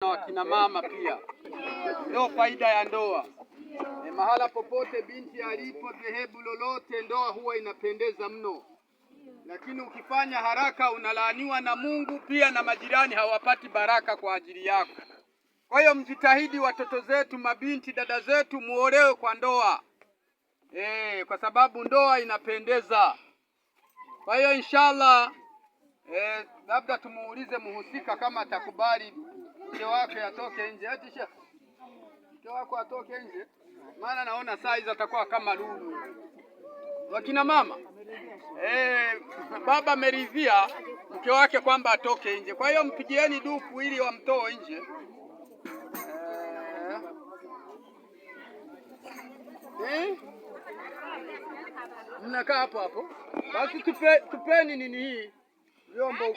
na wakina mama pia, ndio faida ya ndoa. E, mahala popote binti alipo dhehebu lolote, ndoa huwa inapendeza mno, lakini ukifanya haraka unalaaniwa na Mungu pia na majirani hawapati baraka kwa ajili yako. Kwa hiyo mjitahidi, watoto zetu, mabinti, dada zetu, muolewe kwa ndoa e, kwa sababu ndoa inapendeza. Kwa hiyo inshallah, e, labda tumuulize muhusika kama atakubali mke wako atoke nje, eti sheikh, mke wako atoke nje, maana naona size atakuwa kama lulu. Wakina mama eh, baba ameridhia mke wake kwamba atoke nje, kwa hiyo mpigieni dufu ili wamtoe nje. Eh. eh, mnakaa hapo hapo basi, tupeni nini hii vyombo